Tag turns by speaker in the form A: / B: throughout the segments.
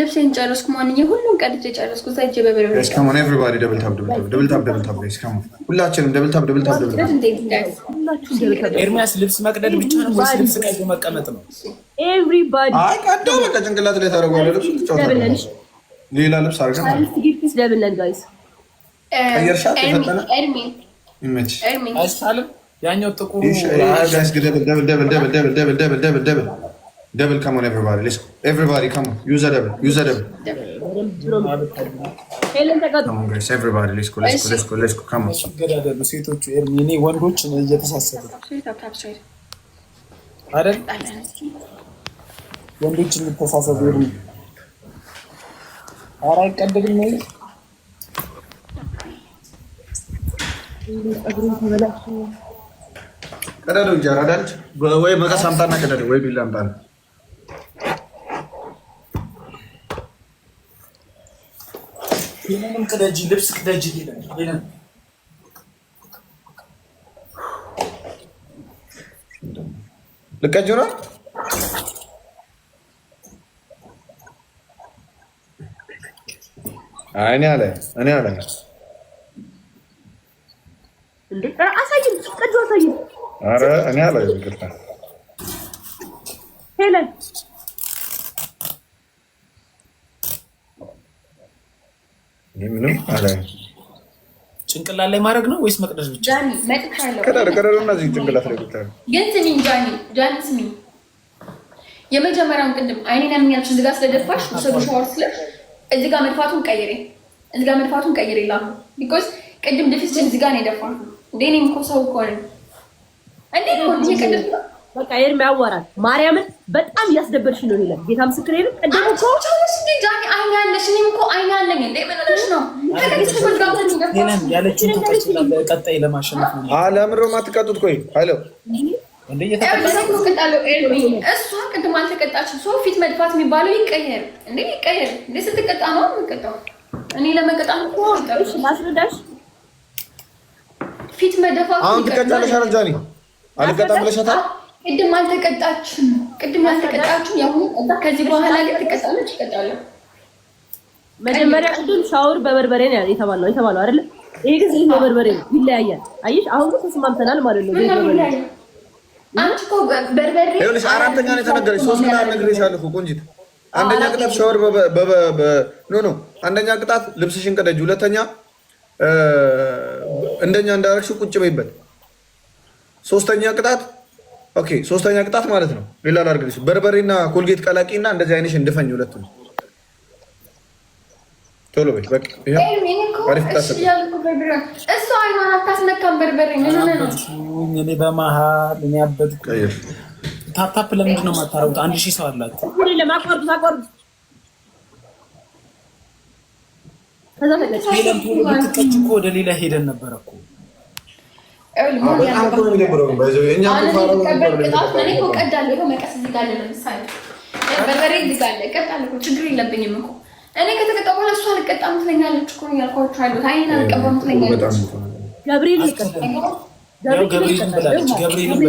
A: ልብሴን ጨረስኩ። ማንኛ ሁሉም ቀድጄ ጨረስኩ። እዛ ኤቭሪባዲ ደብል
B: ታፕ ደብል ታፕ ሁላችንም ደብል ታፕ ደብል ታፕ
C: ኤርሚያስ ልብስ መቅደድ ብቻ ነው ወይስ ልብስ ቀዶ መቀመጥ ነው?
A: ኤቭሪባዲ
B: አይ ቀዶ በቃ ጭንቅላት ላይ ታደርገዋለህ። ልብስ ትጫወታለህ። ሌላ ልብስ አድርገን
A: ቀየርሻት።
C: ያኛው ጥቁሩ
B: ጋይስ ደብል ደብል ደብል ደብል ደብል ደብል ደብል ደብል ከሞን ኤቨሪባዲ ሌስ ኤቨሪባዲ ከሞን ዩዘ ደብል ደብል ኤቨሪባዲ ሌስ ሌስ ሴቶቹ እኔ ወንዶች እየተሳሰቡ አይደል? ወንዶች እንተሳሰቡ። ኧረ አይቀድግም ነው እንጂ አራዳልች ወይ መቀስ አምጣና ቀደዱ ወይ ቢላ አምጣ
C: ይህንንም ቅደጂ፣ ልብስ ቅደጂ። ይሄንን
B: ልቀጅ ነው እኔ አለ እኔ አለ
A: አሳይም፣ ቀጁ አሳይም።
B: ኧረ እኔ አለ ይቅርታ ሄለን ምንም አላ
C: ጭንቅላት ላይ ማድረግ ነው ወይስ መቅደስ ብቻ?
B: ቀዳዳ ቀዳዳ እዚህ ጭንቅላት ላይ ብቻ
A: ግን ስሚኝ ጃኒ ጃኒ ስሚኝ፣ የመጀመሪያውን ቅድም አይኔን ያምኛችን እዚህ ስለደፋሽ ሰዱ ሻወር ስለ እዚህ መድፋቱን ቀይሬ እዚህ መድፋቱን ቀይሬ ላሉ ቢኮዝ ቅድም ድፊስ እዚህ ነው የደፋ እንዴ እኔም እኮ ሰው እኮ ነኝ እንዴ ነው በቃ ኤርሚ ያወራል። ማርያምን በጣም እያስደበርሽ ነው ይላል። ጌታ ምስክር ይሄን ቀደም እኮ ቻለሽ እንዴ ዳኒ ያለሽ እኔም እኮ ያለኝ እንዴ ምን ነው? ቀጣይ ነው። ቆይ ሄሎ እንዴ እሱ ቅድም አልተቀጣችም። ሰው ፊት መድፋት የሚባለው ይቀየር እንዴ ይቀየር እንዴ። ስትቀጣ ነው የምትቀጣው። እኔ ለመቀጣት እኮ ማስረዳሽ ፊት መደፋት
B: አሁን ትቀጣለሽ አረጃኒ አልቀጣም ብለሻታል
A: ቅድም አልተቀጣችም፣ ቅድም አልተቀጣችም። ያሁን ከዚህ በኋላ ላይ ትቀጣለች፣ ይቀጣሉ። መጀመሪያ ቅድም ሻወር በበርበሬ ነው የተባለው የተባለው አይደለ? ይሄ ግን ይሄ በበርበሬ ነው፣ ይለያያል። አየሽ፣ አሁን ግን ተስማምተናል ማለት ነው። ዘይት በርበሬ አንቺ እኮ በርበሬ
B: ይኸውልሽ፣ አራተኛ ነው የተነገረሽ። ሶስት ምናምን ነግሬሻለሁ እኮ ቆንጂት። አንደኛ ቅጣት ሻወር ኖ ኖ፣ አንደኛ ቅጣት ልብስሽን ቀደጅ፣ ሁለተኛ እንደኛ እንዳረግሽው ቁጭ በይበት፣ ሶስተኛ ቅጣት ኦኬ ሶስተኛ ቅጣት ማለት ነው። ሌላ ላድርግልሽ፣ በርበሬና ኮልጌት ቀላቂ እና እንደዚህ አይነሽ እንድፈኝ ሁለት ነው። ቶሎ በይ በቃ።
A: እሱ አይኗን አታስነካም። በርበሬ
C: እኔ በመሀል ታፕታፕ ለምንድን ነው የማታረጉት? አንድ ሺህ ሰው አላት። ወደ ሌላ ሄደን ነበረ እኮ
B: ችግር
A: የለብኝም እኮ እኔ ከተቀጣ በኋላ እሱ አልቀጣም ትለኛለች እኮ ያልኳቸው አሉ። አይን አልቀባም ትለኛለች። ገብርኤል
C: ገብርኤል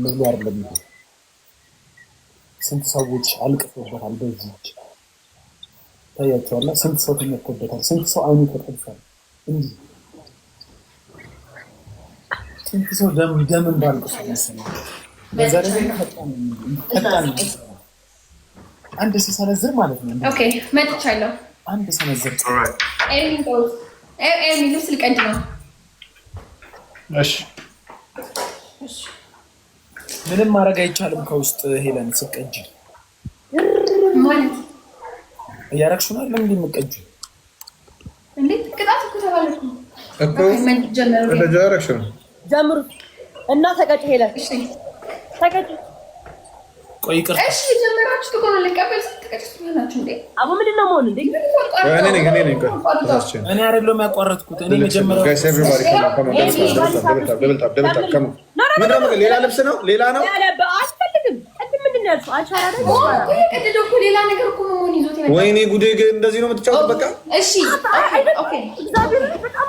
B: ልሉ አይደለም። ስንት ሰዎች አልቅሶበታል። በዚህ ታያቸዋላ። ስንት ሰው ተመቶበታል። ስንት ሰው አይኑ ተጠብሷል። እንዲህ
C: ስንት ሰው ደም ደም እንዳልቅሶ መሰለኝ። አንድ ሲሰነዝር ማለት
A: ነው። ኦኬ መጥቻለሁ።
C: አንድ ሰነዝር
A: ኤርሚን ልብስ ልቀድ ነው።
B: እሺ
C: እሺ ምንም ማድረግ አይቻልም። ከውስጥ ሄለን ስቀጅ ማለት እያረግሽ ነው
A: ጀምሩ እና ተቀጭ ሄለን ተቀጭ። ቆይ ይቅርታ አቡ ምንድን ነው መሆን እንዴ?
B: እኔ ነኝ
C: ያቋረጥኩት እኔ
B: መጀመሪያ ሌላ ልብስ ነው፣ ሌላ ነው። ወይኔ ጉዴ! እንደዚህ ነው የምትጫወት? በቃ
A: እሺ፣ በጣም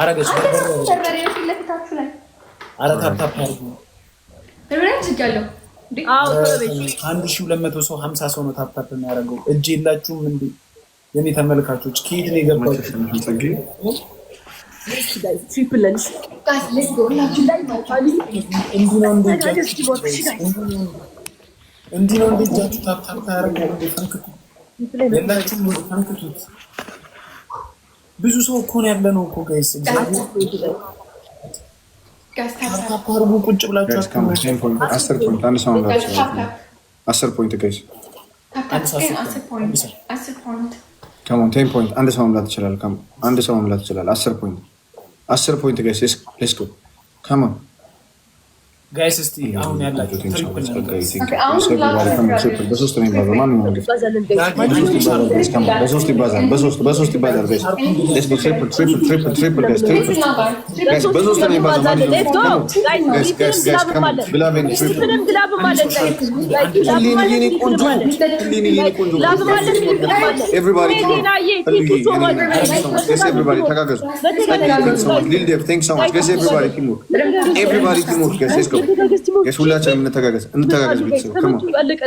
C: አረገች አንድ ሺህ ሁለት መቶ ሰው ሀምሳ ሰው ነው ታፕታፕ የሚያደርገው። እጅ የላችሁም እንዴ? የኔ ተመልካቾች ከየት ነው የገባችሁ? እንዲህ ነው እንደ እጃችሁ ታፕታፕ ያደርገው። የላችሁም፣ ፈንክቱት ብዙ ሰው እኮ ነው ያለ ነው እኮ ጋይስ፣ አርጉ ቁጭ
B: ብላችሁ አስር ፖይንት ጋይስ፣ ቴን ፖይንት አንድ ሰው መምላት ይችላል። አንድ ሰው መምላት ይችላል። አስር ፖይንት አስር ፖይንት ጋይስ፣ ሌትስ ጎ
C: ጋይስ እስቲ አሁን ያላችሁ
B: ሁላችን እንተጋገዝ እንተጋገዝ። ቤተሰብ ቤተሰብ መተጋገዝ መተጋገዝ ኤቨሪባዲ እንተጋገዝ እንተጋገዝ ጋይስ ኤቨሪባዲ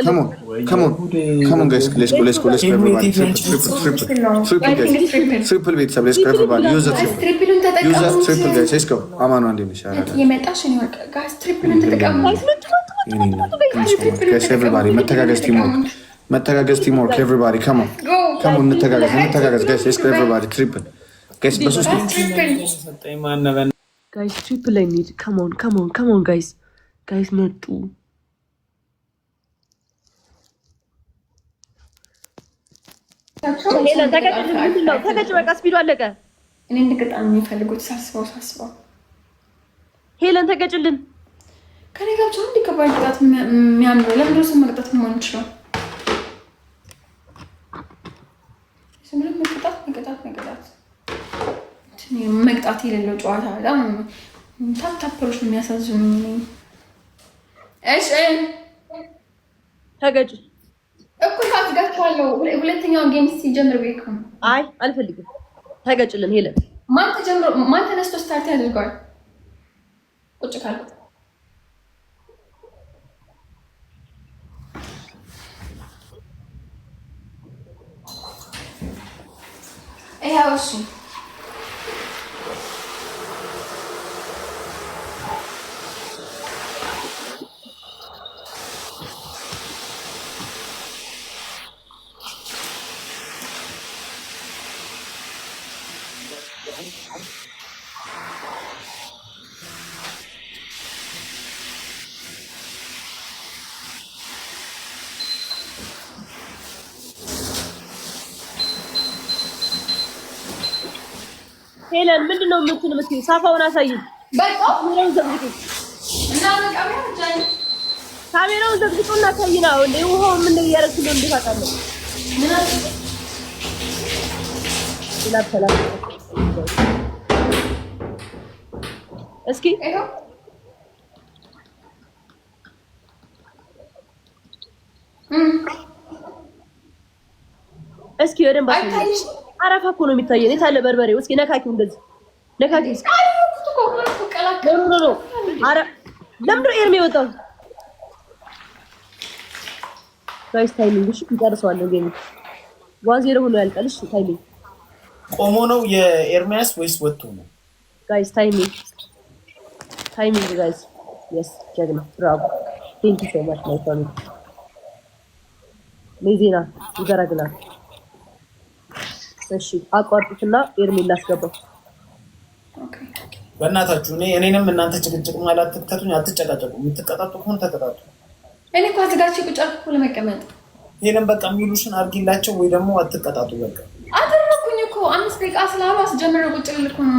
B: ትሪፕል ጋይስ በሶስት ጋይስ
C: ትሪፕል ላይ ጋይስ ጋይስ መጡ።
A: ተገጭ በቃ ስፒዱ አለቀ። እኔ እንድገጣም የሚፈልጉት ሳስበው ሳስበው ሄለን ተገጭልን። ከኔ ጋር አንድ ከባድ ቅጣት የሚያምረው ለምንድን ሰው መቅጣት የማንችለው መቅጣት መቅጣት የሌለው ጨዋታ በጣም ነው የሚያሳዝኑ እሺ ተገጭ እኮ ሁለተኛውን ጌም ሲጀምር ቤት
C: አይ አልፈልግም። ተገጭልን ሄለን።
A: ማን ተጀምሮ ማን ተነስቶ ስታርት ያድርገዋል? ቁጭ ካለ ሄለን ምንድን ነው የምትል የምትይው? ሳፋውን አሳይኝ። ካሜራውን ዘግቶ እና በቃ ካሜራውን ዘግቶ እና ሳይና ውሃው ምን እያደረግህ ነው? እስኪ እስኪ በደንብ አረፋ እኮ ነው የሚታየን። የታለ በርበሬው? እስኪ ነካኪው፣ እንደዚህ ነካኪው። እስኪ ለምንድን ነው ኤርሚ የወጣው? ጋይስ ታይሚንግ እሺ፣ እንጨርሰዋለን። ዋን ዜሮ ሆኖ ያልቃል። እሺ ታይሚንግ
C: ቆሞ ነው የኤርሚያስ ወይስ ወጥቶ ነው?
A: ጋይስ ታይሚንግ ታይሚንግ ጋይስ የስ ጀግና ብራቮ ቴንክ ዩ ሶ ማች ማይ ፋሚሊ ሜዜና ይደረግና እሺ አቋርጡትና ኤርሚ ላስገባው።
C: በእናታችሁ እኔ እኔንም እናንተ ጭቅጭቅ ማለት አትከቱኝ፣ አትጨቃጨቁ። የምትቀጣጡ ከሆነ ተቀጣጡ።
A: እኔ እኮ አዘጋጅቼ ቁጭ አልኩ ለመቀመጥ።
C: ይሄንም በቃ የሚሉሽን አድርጊላቸው ወይ ደግሞ አትቀጣጡ በቃ
A: እኮ አምስት ደቂቃ ስላሉ አስጀምረ ቁጭ ብል እኮ ነው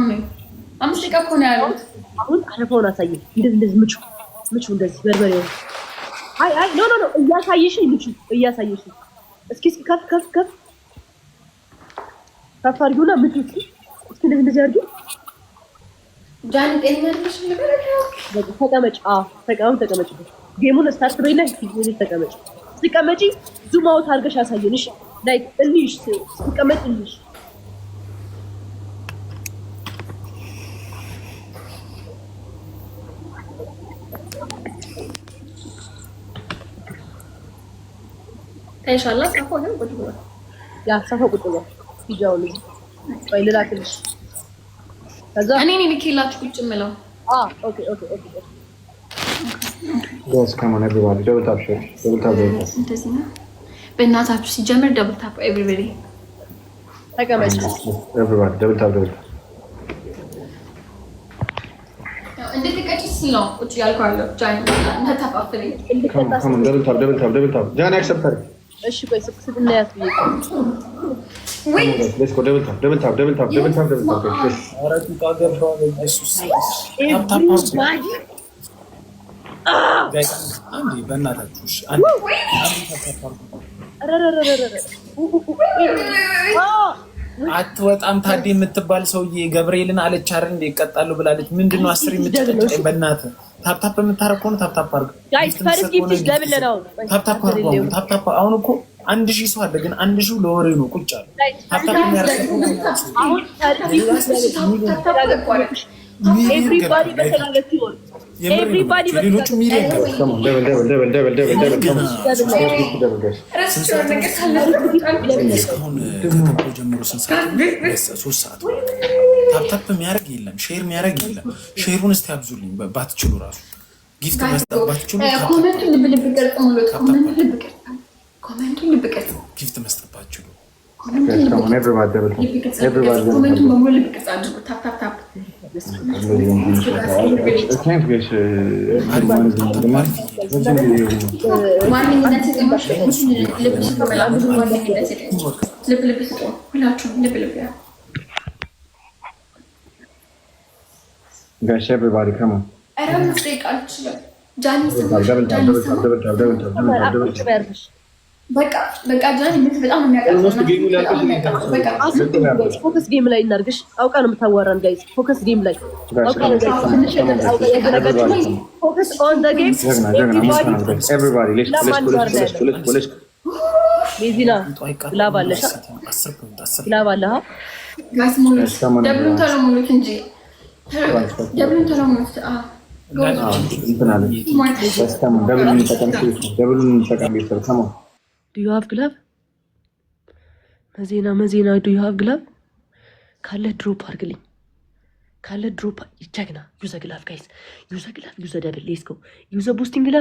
A: አምስት ደቂቃ እኮ ነው ያሉት። አሁን አረፋውን አሳየ። እንደዚህ እንደዚህ ምቹ ምቹ እንደዚህ በርበሬ አይ አይ ኖ ኖ ኖ እያሳየሽኝ ምቹ እያሳየሽኝ። እስኪ እስኪ ከፍ ከፍ ከፍ ከፍ አድርጊውና ምቹ እስኪ እስኪ እንደዚህ እንደዚህ አድርጊው። ጃኒ ጤነኛ ነሽ? ተቀመጭ። አዎ ተቀመም ተቀመጭ። ጌሙን ስታርት በይና ጊዜ ተቀመጭ። ስትቀመጪ ዙም አውት አድርገሽ አሳየን። ላይክ እንይሽ ስትቀመጭ እንይሽ ታይሻላ ጻፎ ግን ቁጭ ብሏል። ያ ጻፎ ቁጭ ብሏል። ይጃው ወይ ልላክልሽ። ከዛ እኔ ነኝ ልኬላችሁ ቁጭ የምለው። አዎ ኦኬ ኦኬ ኦኬ ኦኬ በእናታችሁ ሲጀምር ደብል ታፕ ኤቭሪባዲ ተቀመጭ። እሺ ቆይ ስልክ ስልናያት ብዬ
C: አትወጣም። ታዴ የምትባል ሰውዬ ገብርኤልን አለች አይደል እንደ ይቀጣሉ ብላለች። ምንድን ነው አስር የምትቀጭ በእናትህ ታፕታፕ የምታረግ ከሆነ ታፕታፕ አድርግ። ታፕታፕ አድርግ። ታፕታፕ አሁን እኮ አንድ ሺህ ሰው አለ፣ ግን አንድ ሺው ለወሬ ነው ቁጭ አለ። ታፕታፕ ታፕታፕ የሚያደርግ የለም፣ ሼር የሚያደርግ የለም። ሼሩን እስቲ አብዙልኝ ባትችሉ ራሱ ጊፍት መስጠት ባትችሉ ጊፍት መስጠት ባትችሉ
B: ልብ ልብ ጋሽ ኤቭሪባዲ ከማ
A: ፎከስ ጌም ላይ እናድርግሽ። አውቃ ነው የምታዋራን። ጋይስ ፎከስ ጌም ላይ ዱዩሀብ ግላብ መዜና መዜና ዱዩሀብ ግላብ ካለ ድሮፕ አድርግልኝ። ካለ ድሮፕ ይቸግና ዩዘ ግላብ ጋይስ ዩዘ ግላብ ዩዘ ደብል ሌስኮ ዩዘ ቡስቲንግ ግላብ